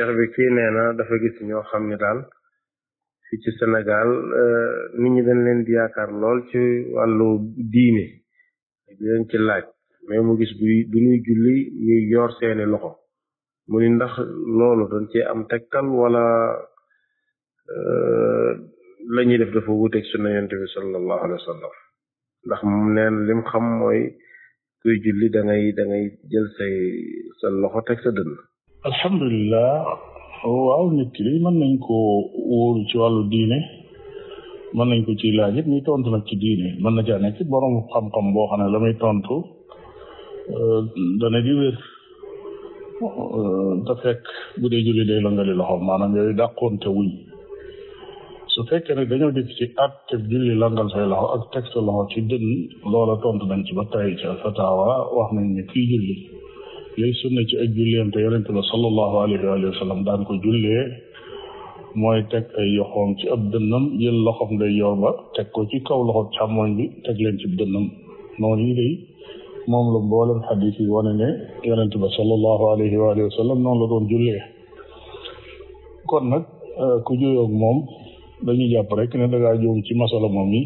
cheikh bi kii nee na dafa gis ñoo xam ne daal fii ci Sénégal euh, nit ñi dañ leen di yaakaar lool ci wàllu diine di leen ci laaj mais mu gis bu bu ñuy julli ñuy yor seeni loxo mu ni ndax loolu dañ ci am tegtal wala euh, la ñuy def dafa wuteeg sunna yonent bi sallallahu alayhi wa sallam ndax mu neen lim xam mooy kuy julli da ngay da jël say sa loxo teg sa dënn alhamdulilah waaw nit ki mën nañ koo wóoru ci wàllu diine mën nañ ko ci laaj it muy tontu nag ci diine mën na jaane nekk borom xam-xam boo xam ne la muy tontu euh, dana di wér euh, fekk bu dee julli day langali loxo maanaam yooyu dàqoonte wuñ su fekkee ne dañoo dikk ci at te julli langal say loxo ak teg sa loxo ci dënn loola tontu nañ ci ba tey ca fatawa wax nañ ne kii julli lay sunna ci ak julleem te yonente ba sallallahu alayhi wa sallam daan ko jullee mooy teg ay yoxoom ci ab dënnam jël loxoom day yor teg ko ci kaw loxo càmmoñ bi teg leen ci dënnam noonu yi day moom la mboolem xadis yi wane ne yonente ba sallallahu alayhi wa sallam noonu la doon jullee kon nag euh, ku juyoog moom dañuy jàpp rek ne dangaa juum ci masala moom yi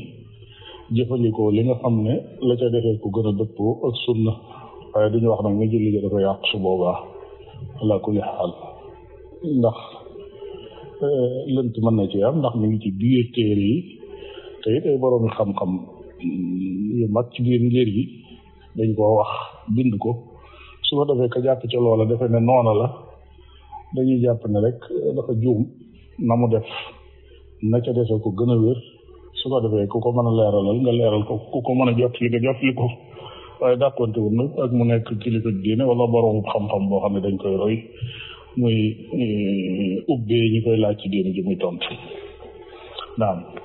jëfandikoo li nga xam ne la ca defee ku gën a dëppoo ak sunna waaye duñu wax nag nga julli ga dafa yàq su boobaa ala kulli xaal ndax euh, lënt mën na ci am ndax mu ngi ci biir téere yi te it ay boroomi xam-xam yu mag ci biir njër yi dañ koo wax bind ko su ko defee ka jàpp ca loola defe ne noona la dañuy jàpp ne rek euh, dafa juum na mu def na ca defe ko gën a wér su ko defee ku ko mën a leeralal nga leeral ko ku ko mën a jot li nga jot li ko waaye dàqonte wul nag ak mu nekk kilifa diine wala borom xam-xam boo xam ne dañ koy roy muy eh, ubbee ñi koy laaj ci diine ji muy